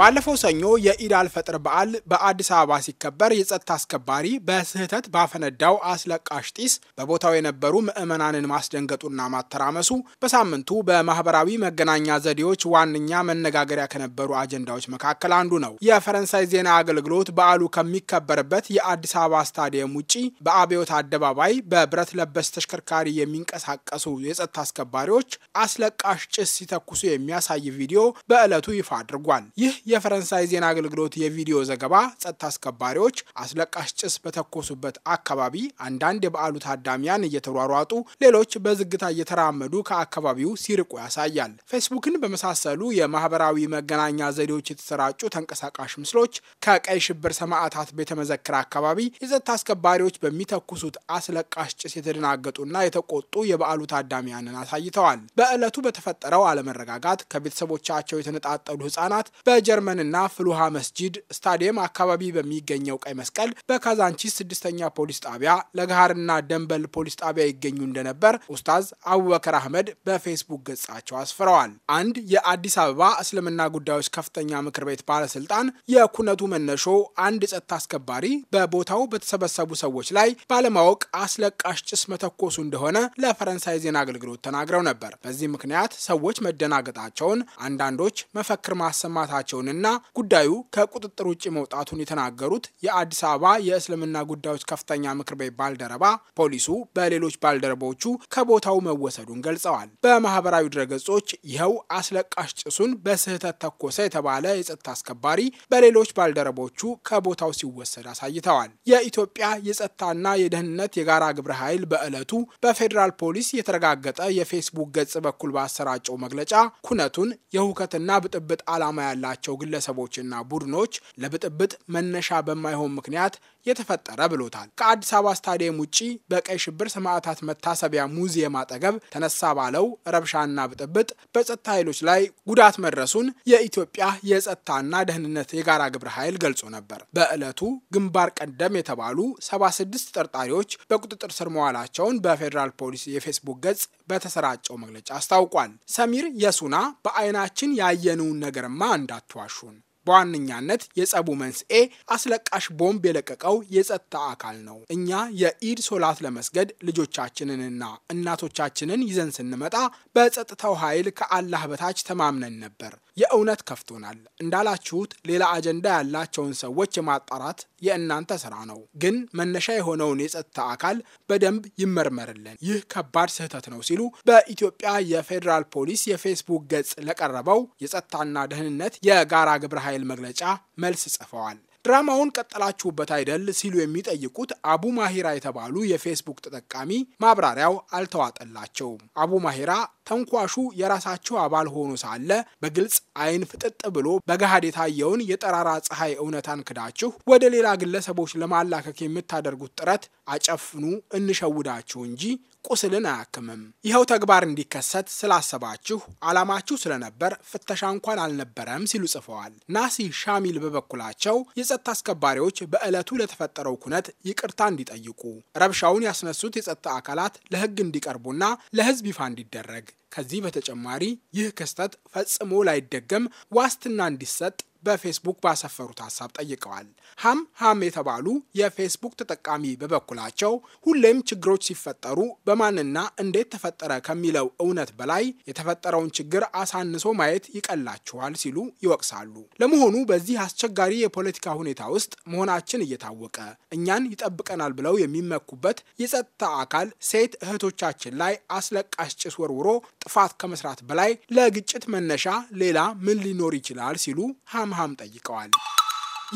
ባለፈው ሰኞ የኢድ አልፈጥር በዓል በአዲስ አበባ ሲከበር የጸጥታ አስከባሪ በስህተት ባፈነዳው አስለቃሽ ጢስ በቦታው የነበሩ ምዕመናንን ማስደንገጡና ማተራመሱ በሳምንቱ በማህበራዊ መገናኛ ዘዴዎች ዋነኛ መነጋገሪያ ከነበሩ አጀንዳዎች መካከል አንዱ ነው። የፈረንሳይ ዜና አገልግሎት በዓሉ ከሚከበርበት የአዲስ አበባ ስታዲየም ውጪ በአብዮት አደባባይ በብረት ለበስ ተሽከርካሪ የሚንቀሳቀሱ የጸጥታ አስከባሪዎች አስለቃሽ ጭስ ሲተኩሱ የሚያሳይ ቪዲዮ በዕለቱ ይፋ አድርጓል። ይህ የፈረንሳይ ዜና አገልግሎት የቪዲዮ ዘገባ ጸጥታ አስከባሪዎች አስለቃሽ ጭስ በተኮሱበት አካባቢ አንዳንድ የበዓሉ ታዳሚያን እየተሯሯጡ፣ ሌሎች በዝግታ እየተራመዱ ከአካባቢው ሲርቁ ያሳያል። ፌስቡክን በመሳሰሉ የማህበራዊ መገናኛ ዘዴዎች የተሰራጩ ተንቀሳቃሽ ምስሎች ከቀይ ሽብር ሰማዕታት ቤተመዘክር አካባቢ የጸጥታ አስከባሪዎች በሚተኩሱት አስለቃሽ ጭስ የተደናገጡና የተቆጡ የበዓሉ ታዳሚያንን አሳይተዋል። በዕለቱ በተፈጠረው አለመረጋጋት ከቤተሰቦቻቸው የተነጣጠሉ ህጻናት በጀር ጀርመንና ፍልውሃ መስጂድ ስታዲየም አካባቢ በሚገኘው ቀይ መስቀል በካዛንቺስ ስድስተኛ ፖሊስ ጣቢያ ለጋሃርና ደንበል ፖሊስ ጣቢያ ይገኙ እንደነበር ኡስታዝ አቡበከር አህመድ በፌስቡክ ገጻቸው አስፍረዋል። አንድ የአዲስ አበባ እስልምና ጉዳዮች ከፍተኛ ምክር ቤት ባለስልጣን የኩነቱ መነሾ አንድ ጸጥታ አስከባሪ በቦታው በተሰበሰቡ ሰዎች ላይ ባለማወቅ አስለቃሽ ጭስ መተኮሱ እንደሆነ ለፈረንሳይ ዜና አገልግሎት ተናግረው ነበር። በዚህ ምክንያት ሰዎች መደናገጣቸውን፣ አንዳንዶች መፈክር ማሰማታቸውን መሆኑንና ጉዳዩ ከቁጥጥር ውጭ መውጣቱን የተናገሩት የአዲስ አበባ የእስልምና ጉዳዮች ከፍተኛ ምክር ቤት ባልደረባ ፖሊሱ በሌሎች ባልደረቦቹ ከቦታው መወሰዱን ገልጸዋል። በማህበራዊ ድረገጾች ይኸው አስለቃሽ ጭሱን በስህተት ተኮሰ የተባለ የጸጥታ አስከባሪ በሌሎች ባልደረቦቹ ከቦታው ሲወሰድ አሳይተዋል። የኢትዮጵያ የጸጥታና የደህንነት የጋራ ግብረ ኃይል በዕለቱ በፌዴራል ፖሊስ የተረጋገጠ የፌስቡክ ገጽ በኩል ባሰራጨው መግለጫ ኩነቱን የሁከትና ብጥብጥ ዓላማ ያላቸው ግለሰቦችና ቡድኖች ለብጥብጥ መነሻ በማይሆን ምክንያት የተፈጠረ ብሎታል። ከአዲስ አበባ ስታዲየም ውጪ በቀይ ሽብር ሰማዕታት መታሰቢያ ሙዚየም አጠገብ ተነሳ ባለው ረብሻና ብጥብጥ በጸጥታ ኃይሎች ላይ ጉዳት መድረሱን የኢትዮጵያ የጸጥታና ደህንነት የጋራ ግብረ ኃይል ገልጾ ነበር። በዕለቱ ግንባር ቀደም የተባሉ 76 ተጠርጣሪዎች በቁጥጥር ስር መዋላቸውን በፌዴራል ፖሊስ የፌስቡክ ገጽ በተሰራጨው መግለጫ አስታውቋል። ሰሚር የሱና በአይናችን ያየነውን ነገርማ እንዳትዋሹን በዋነኛነት የጸቡ መንስኤ አስለቃሽ ቦምብ የለቀቀው የጸጥታ አካል ነው። እኛ የኢድ ሶላት ለመስገድ ልጆቻችንንና እናቶቻችንን ይዘን ስንመጣ በጸጥታው ኃይል ከአላህ በታች ተማምነን ነበር። የእውነት ከፍቶናል። እንዳላችሁት ሌላ አጀንዳ ያላቸውን ሰዎች የማጣራት የእናንተ ስራ ነው። ግን መነሻ የሆነውን የጸጥታ አካል በደንብ ይመርመርልን። ይህ ከባድ ስህተት ነው ሲሉ በኢትዮጵያ የፌዴራል ፖሊስ የፌስቡክ ገጽ ለቀረበው የጸጥታና ደህንነት የጋራ ግብረ ኃይል መግለጫ መልስ ጽፈዋል። ድራማውን ቀጠላችሁበት አይደል ሲሉ የሚጠይቁት አቡ ማሂራ የተባሉ የፌስቡክ ተጠቃሚ ማብራሪያው አልተዋጠላቸውም። አቡ ማሂራ ተንኳሹ የራሳቸው አባል ሆኖ ሳለ በግልጽ አይን ፍጥጥ ብሎ በገሃድ የታየውን የጠራራ ፀሐይ እውነታን ክዳችሁ ወደ ሌላ ግለሰቦች ለማላከክ የምታደርጉት ጥረት አጨፍኑ እንሸውዳችሁ እንጂ ቁስልን አያክምም። ይኸው ተግባር እንዲከሰት ስላሰባችሁ አላማችሁ ስለነበር ፍተሻ እንኳን አልነበረም ሲሉ ጽፈዋል። ናሲ ሻሚል በበኩላቸው የጸጥታ አስከባሪዎች በዕለቱ ለተፈጠረው ኩነት ይቅርታ እንዲጠይቁ፣ ረብሻውን ያስነሱት የጸጥታ አካላት ለሕግ እንዲቀርቡና ለሕዝብ ይፋ እንዲደረግ ከዚህ በተጨማሪ ይህ ክስተት ፈጽሞ ላይደገም ዋስትና እንዲሰጥ በፌስቡክ ባሰፈሩት ሀሳብ ጠይቀዋል። ሀም ሀም የተባሉ የፌስቡክ ተጠቃሚ በበኩላቸው ሁሌም ችግሮች ሲፈጠሩ በማንና እንዴት ተፈጠረ ከሚለው እውነት በላይ የተፈጠረውን ችግር አሳንሶ ማየት ይቀላችኋል ሲሉ ይወቅሳሉ። ለመሆኑ በዚህ አስቸጋሪ የፖለቲካ ሁኔታ ውስጥ መሆናችን እየታወቀ እኛን ይጠብቀናል ብለው የሚመኩበት የጸጥታ አካል ሴት እህቶቻችን ላይ አስለቃሽ ጭስ ወርውሮ ጥፋት ከመስራት በላይ ለግጭት መነሻ ሌላ ምን ሊኖር ይችላል ሲሉ ሀም አምሃም ጠይቀዋል።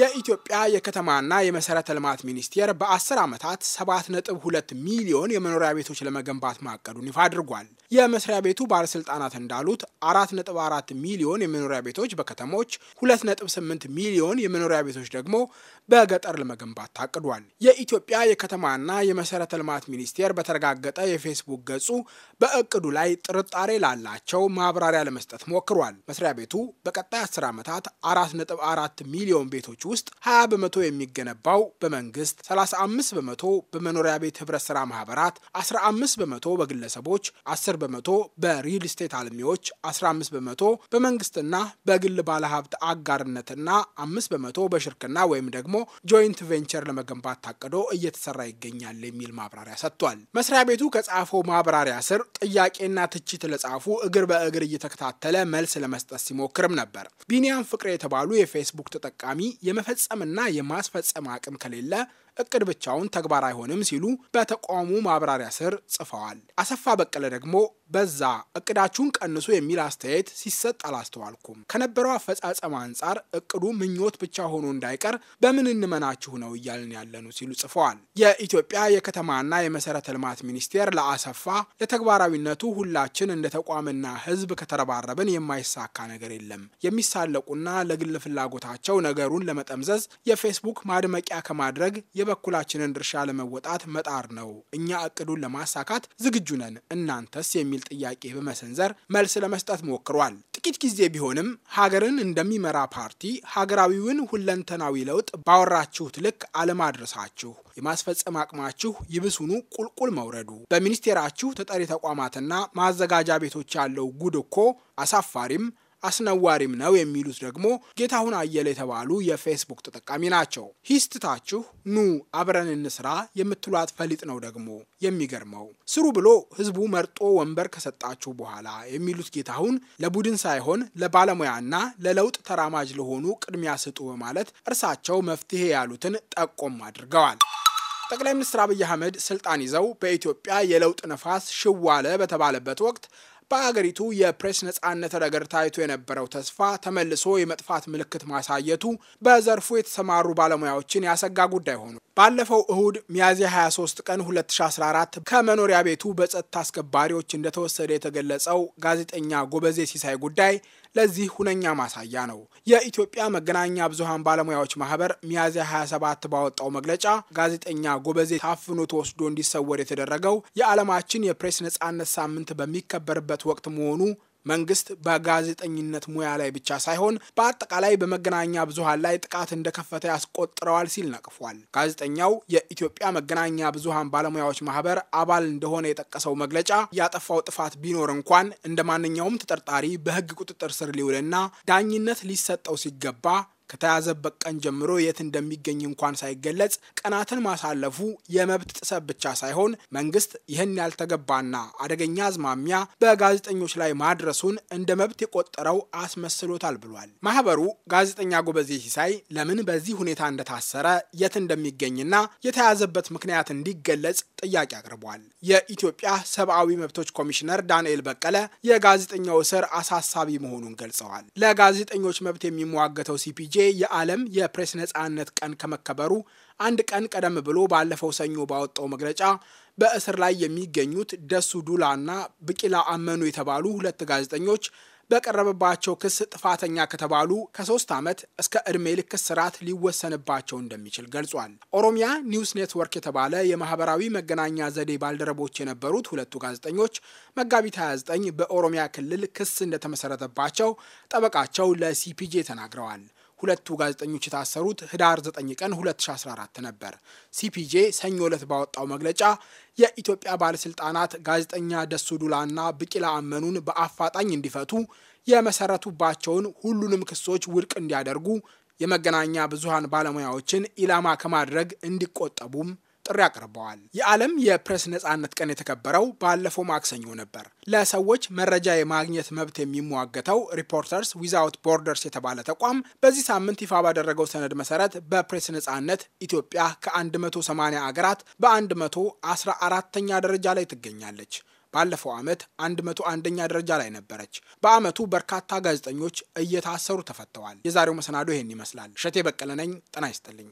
የኢትዮጵያ የከተማና የመሰረተ ልማት ሚኒስቴር በአስር ዓመታት 7.2 ሚሊዮን የመኖሪያ ቤቶች ለመገንባት ማቀዱን ይፋ አድርጓል። የመስሪያ ቤቱ ባለስልጣናት እንዳሉት 4.4 ሚሊዮን የመኖሪያ ቤቶች በከተሞች፣ 2.8 ሚሊዮን የመኖሪያ ቤቶች ደግሞ በገጠር ለመገንባት ታቅዷል። የኢትዮጵያ የከተማና የመሰረተ ልማት ሚኒስቴር በተረጋገጠ የፌስቡክ ገጹ በእቅዱ ላይ ጥርጣሬ ላላቸው ማብራሪያ ለመስጠት ሞክሯል። መስሪያ ቤቱ በቀጣይ 10 ዓመታት 4.4 ሚሊዮን ቤቶች ውስጥ 20 በመቶ የሚገነባው በመንግስት፣ 35 በመቶ በመኖሪያ ቤት ህብረት ስራ ማህበራት፣ 15 በመቶ በግለሰቦች፣ 10 በመቶ በሪል ስቴት አልሚዎች፣ 15 በመቶ በመንግስትና በግል ባለሀብት አጋርነትና 5 በመቶ በሽርክና ወይም ደግሞ ደግሞ ጆይንት ቬንቸር ለመገንባት ታቅዶ እየተሰራ ይገኛል የሚል ማብራሪያ ሰጥቷል። መስሪያ ቤቱ ከጻፈው ማብራሪያ ስር ጥያቄና ትችት ለጻፉ እግር በእግር እየተከታተለ መልስ ለመስጠት ሲሞክርም ነበር። ቢኒያም ፍቅሬ የተባሉ የፌስቡክ ተጠቃሚ የመፈጸምና የማስፈጸም አቅም ከሌለ እቅድ ብቻውን ተግባር አይሆንም ሲሉ በተቋሙ ማብራሪያ ስር ጽፈዋል። አሰፋ በቀለ ደግሞ በዛ እቅዳችሁን ቀንሱ የሚል አስተያየት ሲሰጥ አላስተዋልኩም። ከነበረው አፈጻጸም አንጻር እቅዱ ምኞት ብቻ ሆኖ እንዳይቀር በምን እንመናችሁ ነው እያልን ያለኑ ሲሉ ጽፈዋል። የኢትዮጵያ የከተማና የመሰረተ ልማት ሚኒስቴር ለአሰፋ ለተግባራዊነቱ ሁላችን እንደ ተቋምና ሕዝብ ከተረባረብን የማይሳካ ነገር የለም። የሚሳለቁና ለግል ፍላጎታቸው ነገሩን ለመጠምዘዝ የፌስቡክ ማድመቂያ ከማድረግ የበኩላችንን ድርሻ ለመወጣት መጣር ነው። እኛ እቅዱን ለማሳካት ዝግጁ ነን፣ እናንተስ የሚል ጥያቄ በመሰንዘር መልስ ለመስጠት ሞክሯል። ጥቂት ጊዜ ቢሆንም ሀገርን እንደሚመራ ፓርቲ ሀገራዊውን ሁለንተናዊ ለውጥ ባወራችሁት ልክ አለማድረሳችሁ የማስፈጸም አቅማችሁ ይብሱኑ ቁልቁል መውረዱ በሚኒስቴራችሁ ተጠሪ ተቋማትና ማዘጋጃ ቤቶች ያለው ጉድ እኮ አሳፋሪም አስነዋሪም ነው የሚሉት ደግሞ ጌታሁን አየለ የተባሉ የፌስቡክ ተጠቃሚ ናቸው። ሂስትታችሁ ኑ አብረን እንስራ የምትሏት ፈሊጥ ነው ደግሞ የሚገርመው ስሩ ብሎ ህዝቡ መርጦ ወንበር ከሰጣችሁ በኋላ የሚሉት ጌታሁን ለቡድን ሳይሆን ለባለሙያና ለለውጥ ተራማጅ ለሆኑ ቅድሚያ ስጡ በማለት እርሳቸው መፍትሄ ያሉትን ጠቆም አድርገዋል። ጠቅላይ ሚኒስትር አብይ አህመድ ስልጣን ይዘው በኢትዮጵያ የለውጥ ነፋስ ሽዋለ በተባለበት ወቅት በአገሪቱ የፕሬስ ነጻነት ረገድ ታይቶ የነበረው ተስፋ ተመልሶ የመጥፋት ምልክት ማሳየቱ በዘርፉ የተሰማሩ ባለሙያዎችን ያሰጋ ጉዳይ ሆኗል። ባለፈው እሁድ ሚያዝያ 23 ቀን 2014 ከመኖሪያ ቤቱ በጸጥታ አስከባሪዎች እንደተወሰደ የተገለጸው ጋዜጠኛ ጎበዜ ሲሳይ ጉዳይ ለዚህ ሁነኛ ማሳያ ነው። የኢትዮጵያ መገናኛ ብዙሃን ባለሙያዎች ማህበር ሚያዝያ 27 ባወጣው መግለጫ ጋዜጠኛ ጎበዜ ታፍኖ ተወስዶ እንዲሰወር የተደረገው የዓለማችን የፕሬስ ነጻነት ሳምንት በሚከበርበት ወቅት መሆኑ መንግስት በጋዜጠኝነት ሙያ ላይ ብቻ ሳይሆን በአጠቃላይ በመገናኛ ብዙሀን ላይ ጥቃት እንደከፈተ ያስቆጥረዋል ሲል ነቅፏል። ጋዜጠኛው የኢትዮጵያ መገናኛ ብዙሀን ባለሙያዎች ማህበር አባል እንደሆነ የጠቀሰው መግለጫ ያጠፋው ጥፋት ቢኖር እንኳን እንደ ማንኛውም ተጠርጣሪ በህግ ቁጥጥር ስር ሊውልና ዳኝነት ሊሰጠው ሲገባ ከተያዘበት ቀን ጀምሮ የት እንደሚገኝ እንኳን ሳይገለጽ ቀናትን ማሳለፉ የመብት ጥሰት ብቻ ሳይሆን መንግስት ይህን ያልተገባና አደገኛ አዝማሚያ በጋዜጠኞች ላይ ማድረሱን እንደ መብት የቆጠረው አስመስሎታል ብሏል። ማህበሩ ጋዜጠኛ ጎበዜ ሲሳይ ለምን በዚህ ሁኔታ እንደታሰረ የት እንደሚገኝና የተያዘበት ምክንያት እንዲገለጽ ጥያቄ አቅርቧል። የኢትዮጵያ ሰብአዊ መብቶች ኮሚሽነር ዳንኤል በቀለ የጋዜጠኛው እስር አሳሳቢ መሆኑን ገልጸዋል። ለጋዜጠኞች መብት የሚሟገተው ሲፒጄ የዓለም የፕሬስ ነፃነት ቀን ከመከበሩ አንድ ቀን ቀደም ብሎ ባለፈው ሰኞ ባወጣው መግለጫ በእስር ላይ የሚገኙት ደሱ ዱላ እና ብቂላ አመኑ የተባሉ ሁለት ጋዜጠኞች በቀረበባቸው ክስ ጥፋተኛ ከተባሉ ከሶስት ዓመት እስከ ዕድሜ ልክ እስራት ሊወሰንባቸው እንደሚችል ገልጿል። ኦሮሚያ ኒውስ ኔትወርክ የተባለ የማህበራዊ መገናኛ ዘዴ ባልደረቦች የነበሩት ሁለቱ ጋዜጠኞች መጋቢት 29 በኦሮሚያ ክልል ክስ እንደተመሰረተባቸው ጠበቃቸው ለሲፒጄ ተናግረዋል። ሁለቱ ጋዜጠኞች የታሰሩት ህዳር 9 ቀን 2014 ነበር። ሲፒጄ ሰኞ ዕለት ባወጣው መግለጫ የኢትዮጵያ ባለስልጣናት ጋዜጠኛ ደሱ ዱላና ብቂላ አመኑን በአፋጣኝ እንዲፈቱ፣ የመሰረቱባቸውን ሁሉንም ክሶች ውድቅ እንዲያደርጉ፣ የመገናኛ ብዙሃን ባለሙያዎችን ኢላማ ከማድረግ እንዲቆጠቡም ጥሪ አቅርበዋል። የዓለም የፕሬስ ነጻነት ቀን የተከበረው ባለፈው ማክሰኞ ነበር። ለሰዎች መረጃ የማግኘት መብት የሚሟገተው ሪፖርተርስ ዊዛውት ቦርደርስ የተባለ ተቋም በዚህ ሳምንት ይፋ ባደረገው ሰነድ መሰረት በፕሬስ ነጻነት ኢትዮጵያ ከ180 አገራት በ114ኛ ደረጃ ላይ ትገኛለች። ባለፈው ዓመት 101ኛ ደረጃ ላይ ነበረች። በዓመቱ በርካታ ጋዜጠኞች እየታሰሩ ተፈተዋል። የዛሬው መሰናዶ ይሄን ይመስላል። እሸቴ በቀለ ነኝ። ጤና ይስጥልኝ።